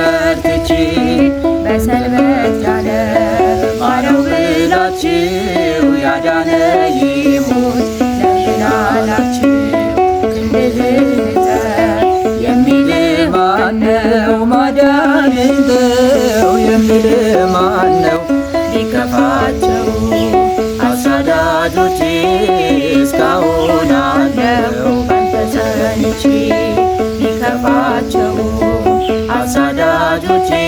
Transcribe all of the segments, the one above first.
በርትቼ በሰንበት ዳነ ማረው ብላችሁ ያዳነ ይሙት ለሚላላችሁ ክንድህን ንጠር የሚል ማነው? ማዳን ማነው? ሊከፋቸው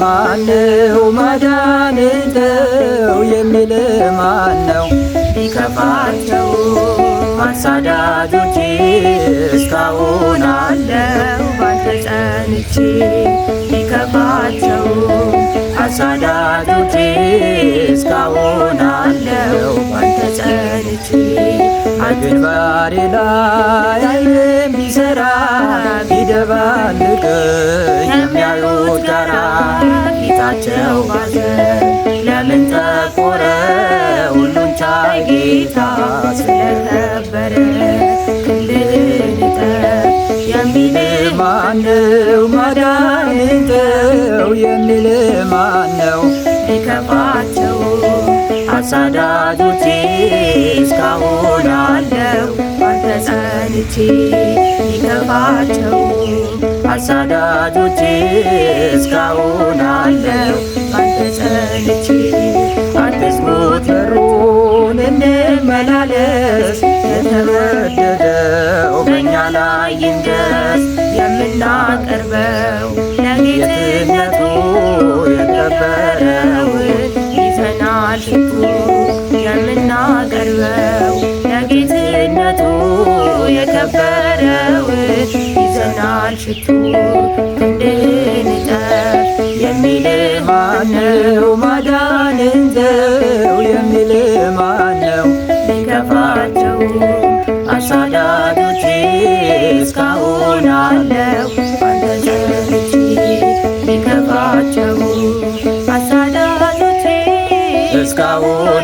ማነው መዳንተው የሚል ማነው? ቢከፋቸው አሳዳጆቼ እስካሁን አለው ባንተ ጸንቼ ቢከፋቸው አሳዳጆቼ እስካሁን አለው ባንተ ጸንቼ አግንባሬ ላይ አይንም ቢደባልቅ በላቸው ባዘን ለምን ጠቆረ ሁሉን ቻይ ጌታ ስለከበረ ክንድህን እጠር የሚል ማነው? ማዳንህን የሚል ማነው? ሊከፋቸው አሳዳጆቼ እስካሁን አለው ባንተ ጸንቼ ሊከፋቸው ከአሳዳጆቼ እስካሁን አለው አንተ ጸንቼ አንተ ዝሙት በሩን እንመላለስ የተወደደው በእኛ ላይ ይንገስ የምናቀርበው ለጌትነቱ የከበረውን ይዘናል ሽቱ የምናቀርበው ለጌትነቱ የከበረውን ይዘናል ሽቱ እንድንጠር የሚልህ ማነው? ማዳንን ዘው የሚልህ ማነው? ሊከፋቸው አሳዳጆች እስካሁን አለው አንተ ሊከፋቸው አሳዳጆች እስካሁን